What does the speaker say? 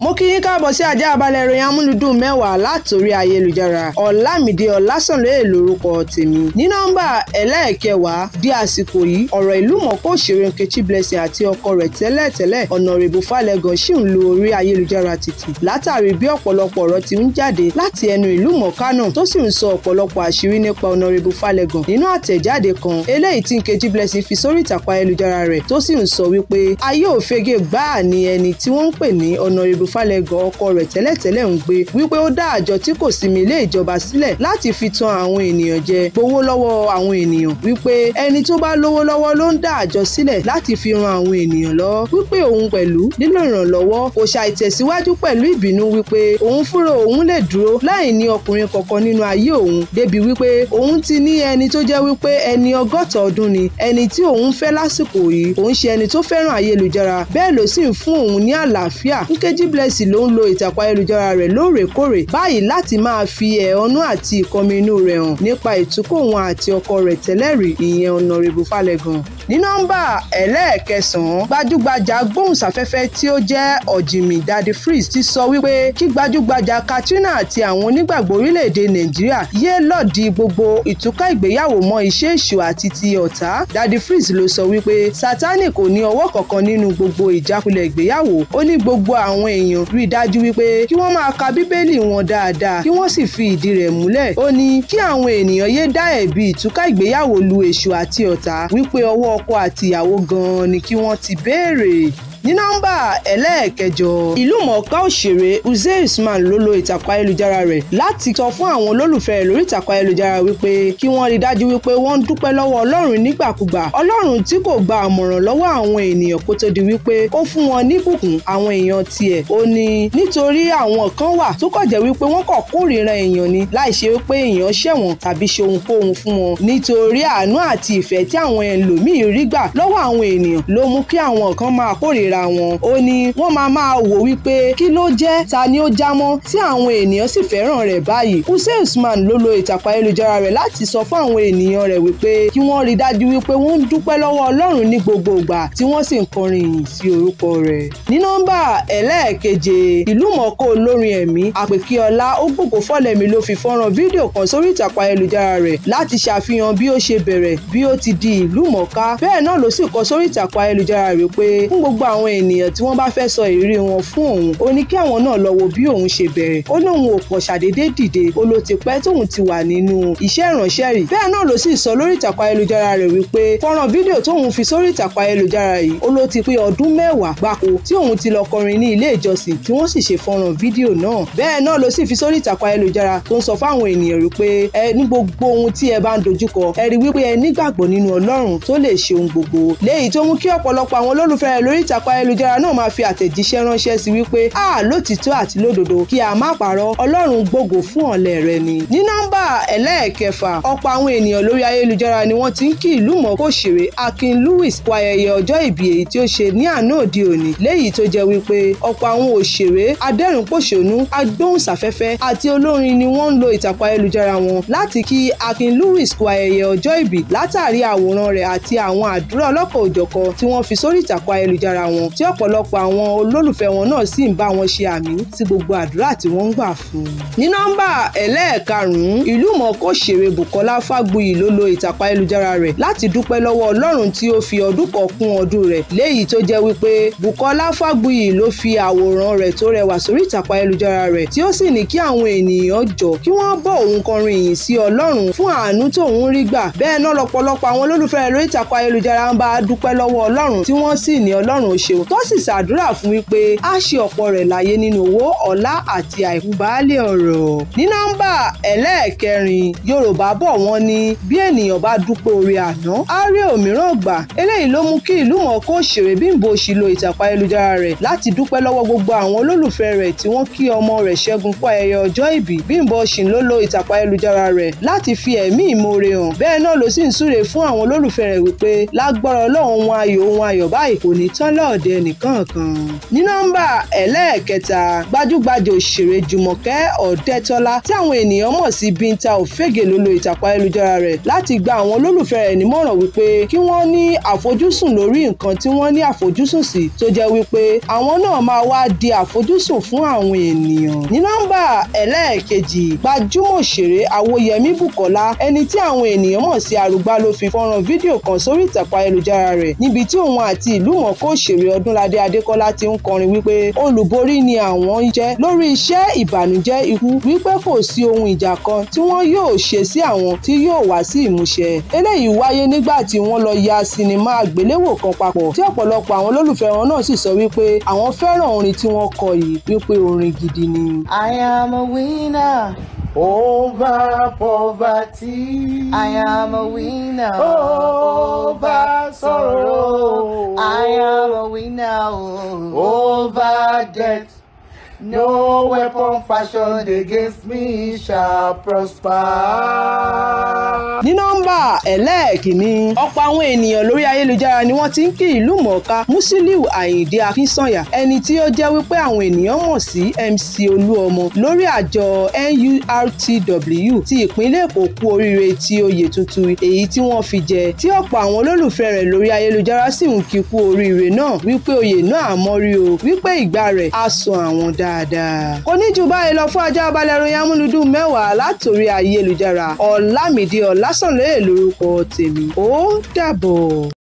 mo kí yín káàbọ̀ sí ajá balẹ̀ ìròyìn amúlùdùn mẹ́wàá látòrí ayélujára ọ̀làmídé ọ̀làsànlóye lórúkọ tèmi ní nọ́mbà ẹlẹ́ẹ̀kẹwàá di àsìkò yìí ọ̀rọ̀ ìlú mọ̀ọ́kọ́ òṣèré Nkechi Blessing àti ọkọ rẹ̀ tẹ́lẹ̀tẹ́lẹ̀ Honorable Falegan ṣì ń lo orí ayélujára títì látàrí bí ọ̀pọ̀lọpọ̀ ọ̀rọ̀ ti ń jáde láti ẹnu ìlú mọ̀ọ́ká náà tó sì ń sọ ọ̀pọ̀lọpọ̀ àṣírí nípa Honorable Falegan nínú àtẹ̀jáde kan eléyìí tí Nkechi Blessing fi sórí ìtàkùn ayélujára rẹ̀ tó sì ń Falẹgàn ọkọ rẹ̀ tẹ́lẹ̀tẹ́lẹ̀ ń gbé wípé ó dá àjọ tí kò sinmi ilé ìjọba sílẹ̀ láti fi tan àwọn ènìyàn jẹ gbowó lọ́wọ́ àwọn ènìyàn wípé ẹni tó bá lówó lọ́wọ́ ló ń dá àjọ sílẹ̀ láti fi ran àwọn ènìyàn lọ wípé òun pẹ̀lú nílò ìrànlọ́wọ́ kò ṣàìtẹ̀síwájú pẹ̀lú ìbínú wípé òun fúnra òun lè dúró láì ní ọkùnrin kankan nínú ayé òun débi wípé òun ti ní ẹni tó jẹ́ wípé ẹni ọgọ́ta ọdún ni ẹni tí òun fẹ́ lásìkò yìí òun ṣe ẹni tó fẹ́ràn ayélujára bẹ́ẹ̀ ló sì ń fún òun ní àlàáfíà Nkechi Blessing Bless ló ń lo ìtàkùn ayélujára rẹ̀ lóòrèkóòrè báyìí láti máa fi ẹ̀hónú àti ìkọminú rẹ̀ hàn nípa ìtúkọ̀ òun àti ọkọ rẹ̀ tẹ́lẹ̀ rí ìyẹn Honorable Falegan ní nọ́mbà ẹlẹ́ẹ̀kẹsàn-án gbajúgbajà gbóhùnsáfẹ́fẹ́ tí ó jẹ́ ọ̀jìmì Daddy Freeze ti sọ wípé kí gbajúgbajà Katrina àti àwọn onígbàgbọ́ orílẹ̀-èdè Nàìjíríà yé lòdì gbogbo ìtúká ìgbéyàwó mọ́ iṣẹ́ èṣù àti ti ọ̀tá Daddy Freeze ló sọ wípé Sátánì kò ní ọwọ́ kankan nínú gbogbo ìjákulẹ̀ ìgbéyàwó ó ní gbogbo àwọn èèyàn ènìyàn rí dájú wípé kí wọ́n máa ka bíbélì wọn dáadáa kí wọ́n sì fi ìdí rẹ̀ múlẹ̀ ó ní kí àwọn ènìyàn yé dá ẹ̀bi ìtúká ìgbéyàwó lu èṣù àti ọ̀tá wípé ọwọ́ ọkọ àti ìyàwó gan-an ni kí wọ́n ti béèrè ní nọ́mbà ẹlẹ́ẹ̀kẹjọ ìlúmọ̀ọ́ká òṣèré Uze Usman ló lo ìtàkùn ayélujára rẹ̀ láti sọ fún àwọn olólùfẹ́ rẹ̀ lórí ìtàkùn ayélujára wípé kí wọ́n rí dájú wípé wọ́n ń dúpẹ́ lọ́wọ́ Ọlọ́run nígbàkúgbà Ọlọ́run tí kò gba àmọ̀ràn lọ́wọ́ àwọn ènìyàn kó tó di wípé ó fún wọn níbùkún àwọn èèyàn tiẹ̀ ó ní nítorí àwọn kan wà tó kọ̀ jẹ́ wípé wọ́n kọ̀ kórìíra èèyàn ni láì ṣe pé èèyàn ṣẹ̀wọ̀n tàbí ṣe ohunkóhun fún wọn nítorí àánú àti ìfẹ́ tí àwọn ẹlòmíì rí gbà lọ́wọ́ àwọn ènìyàn ló mú kí àwọn kan máa kórìíra ìlera wọn ó ní wọ́n máa máa wò wípé kí ló jẹ́ ta ni ó jámọ́ tí àwọn ènìyàn sì fẹ́ràn rẹ̀ báyìí Hussein Usman ló lo ìtàkùn ayélujára rẹ̀ láti sọ fún àwọn ènìyàn rẹ̀ wípé kí wọ́n rí dájú wípé wọ́n ń dúpẹ́ lọ́wọ́ Ọlọ́run ní gbogbo ìgbà tí wọ́n sì ń kọrin ìyìn sí orúkọ rẹ̀ ní nọ́mbà ẹlẹ́ẹ̀keje ìlúmọ̀ọ́ká olórin ẹ̀mí Àpèkíọlá ó gbogbo fọ́lẹ́mi ló fi fọ́nrán fídíò kan sórí ìtàkùn ayélujára rẹ̀ láti ṣàfihàn bí ó ṣe bẹ̀rẹ̀ bí ó ti di ìlúmọ̀ọ́ká bẹ́ẹ̀ náà ló sì kọ sórí ìtàkùn ayélujára rẹ̀ pé fún gbogbo àwọn àwọn ènìyàn tí wọ́n bá fẹ́ sọ ìrírí wọn fún òun ó ní kí àwọn náà lọ wo bí òun ṣe bẹ̀rẹ̀ ó lóun ò pọ̀ ṣàdédé dìde ó ló ti pẹ́ tóun ti wà nínú iṣẹ́ ìránṣẹ́ rí bẹ́ẹ̀ náà ló sì sọ lórí ìtàkùn ayélujára rẹ̀ wípé fọ́nrán fídíò tóun fi sórí ìtàkùn ayélujára yìí ó ló ti pé ọdún mẹ́wàá gbáko tí òun ti lọ kọrin ní ilé ìjọsìn tí wọ́n sì ṣe fọ́nrán fídíò náà bẹ́ẹ̀ náà ló sì fi sórí ìtàkùn ayélujára tó ń sọ fáwọn ènìyàn wípé ẹ ní gbogbo ohun tí ẹ bá ń dojúkọ ẹ rí wípé ẹ nígbàgbọ́ nínú Ọlọ́run tó lè ṣe ohun gbogbo léyìí tó mú kí ọ̀pọ̀lọpọ̀ àwọn olólùfẹ́ rẹ̀ lórí ìtàkùn ọ̀pọ̀ ayélujára náà máa fi àtẹ̀jíṣẹ́ ránṣẹ́ sí wípé a lótìtọ́ àti lódodo kí a má parọ́ ọlọ́run gbògo fún ọ̀lẹ rẹ ni. ní nọ́mbà ẹlẹ́ẹ̀kẹfà ọ̀pọ̀ àwọn ènìyàn lórí ayélujára ni wọ́n ti ń kí ìlú mọ̀ọ́ká òṣèré Akin Lewis kú ayẹyẹ ọjọ́ ìbí èyí tí ó ṣe ní àná òde òní léyìí tó jẹ́ wípé ọ̀pọ̀ àwọn òṣèré adẹ́rùnpòṣónú agbóhùnsáfẹ́fẹ́ àti olórin ni wọ́n ń lo ìtàkùn ayélujára wọn láti kí Akin Lewis kú ayẹyẹ ọjọ́ ìbí látàrí àwòrán rẹ̀ àti àwọn àdúrà ọlọ́kọ̀ wọn tí ọ̀pọ̀lọpọ̀ àwọn olólùfẹ́ wọn náà sì ń bá wọn ṣe àmì sí gbogbo àdúrà tí wọ́n ń gbà fún un. ní nọ́mbà ẹlẹ́ẹ̀karùn-ún ìlú mọ̀ọ́ká òṣèré Bùkọ́lá Fágbuyì ló lo ìtàkùn ayélujára rẹ̀ láti dúpẹ́ lọ́wọ́ Ọlọ́run tí ó fi ọdún kan kún ọdún rẹ̀ léyìí tó jẹ́ wípé Bùkọ́lá Fágbuyì ló fi àwòrán rẹ̀ tó rẹwà sórí ìtàkùn ayélujára rẹ̀ tí ó sì ní kí àwọn ènìyàn jọ kí wọ́n bọ́ òun kọrin ìyìn sí Ọlọ́run fún àánú tóun rí gbà bẹ́ẹ̀ náà lọ́pọ̀lọpọ̀ àwọn olólùfẹ́ rẹ̀ lórí ìtàkùn ayélujára ń bá dúpẹ́ lọ́wọ́ Ọlọ́run tí wọ́n sì ní Ọlọ́run ò ṣ ṣeun tó sì ṣàdúrà fún wípé a ṣe ọ̀pọ̀ rẹ̀ láyé nínú owó ọlá àti àìkú baálẹ̀ ọ̀rọ̀. ní nọ́mbà ẹlẹ́ẹ̀kẹrin yorùbá bọ̀ wọ́n ní bí ènìyàn bá dúpẹ́ orí àná á rí òmíràn gbà eléyìí ló mú kí ìlú mọ̀ọ́ká òṣèré Bímbọ́ Òṣì lo ìtàkùn ayélujára rẹ̀ láti dúpẹ́ lọ́wọ́ gbogbo àwọn olólùfẹ́ rẹ̀ tí wọ́n kí ọmọ rẹ̀ Ṣẹ́gun kú ayẹyẹ ọjọ́ ìbí Bímbọ́ Òṣì ló lo ìtàkùn ayélujára rẹ̀ láti fi ẹ̀mí ìmoore hàn bẹ́ẹ̀ náà ló sì ń súre fún àwọn olólùfẹ́ rẹ̀ wípé lágbára ọlọ́run wọn ayọ̀ wọn ayọ̀ báyìí kò ní tán lọ́ọ̀d ọ̀dẹ̀ ẹnìkankan. ní nọ́mbà ẹlẹ́ẹ̀kẹta gbajúgbajà òṣèré Jùmọ̀kẹ́ Ọ̀dẹ́tọ́lá tí àwọn ènìyàn mọ̀ sí Bíńta Òfégè ló lo ìtàkùn ayélujára rẹ̀ láti gba àwọn olólùfẹ́ rẹ̀ nímọ̀ràn wípé kí wọ́n ní àfojúsùn lórí nǹkan tí wọ́n ní àfojúsùn sí tó jẹ́ wípé àwọn náà máa wá di àfojúsùn fún àwọn ènìyàn. ní nọ́mbà ẹlẹ́ẹ̀kejì gbajúmọ̀ òṣèré Awóyẹmí Bùkọ́lá ẹni tí àwọn ènìyàn mọ̀ sí Arúgbá ló fi fọ́nrán fídíò kan sórí ìtàkùn ayélujára rẹ̀ níbi tí òun àti ìlú mọ̀ọ́ká òṣèré Ọdúnládé Adékọ́lá ti ń kọrin wípé olùborí ni àwọn ń jẹ́ lórí iṣẹ́ ìbànújẹ́ ikú wípé kò sí ohun ìjà kan tí wọ́n yóò ṣe sí àwọn tí yóò wá sí ìmúṣẹ. eléyìí wáyé nígbà tí wọ́n lọ ya sinimá àgbéléwò kan papọ̀ tí ọ̀pọ̀lọpọ̀ àwọn olólùfẹ́ wọn náà sì sọ wípé àwọn fẹ́ràn orin tí wọ́n kọ yìí wípé orin gidi ni. I am a winner. Over poverty. I am a winner. Over sorrow. over death. No weapon fashioned against me shall prosper. Ní nọ́mbà ẹlẹ́ẹ̀kìnní ọ̀pọ̀ àwọn ènìyàn lórí ayélujára ni wọ́n ti ń kí ìlú mọ̀ọ́ká Musiliu Àyìndé Akínsànyà ẹni tí ó jẹ́ wípé àwọn ènìyàn mọ̀ sí MC Olúọmọ lórí àjọ NURTW ti ìpínlẹ̀ Èkó kú oríire ti oyè tuntun èyí tí wọ́n fi jẹ tí ọ̀pọ̀ àwọn olólùfẹ́ rẹ̀ lórí ayélujára sì ń kí kú oríire náà wípé oyè náà dáadáa. kò ní jù báyìí lọ fún ajá balẹ̀ ìròyìn amúlùdùn mẹ́wàá látòrí ayélujára ọ̀làmìdí ọ̀làsànlẹ̀ lórúkọ tèmi ó dàbọ̀.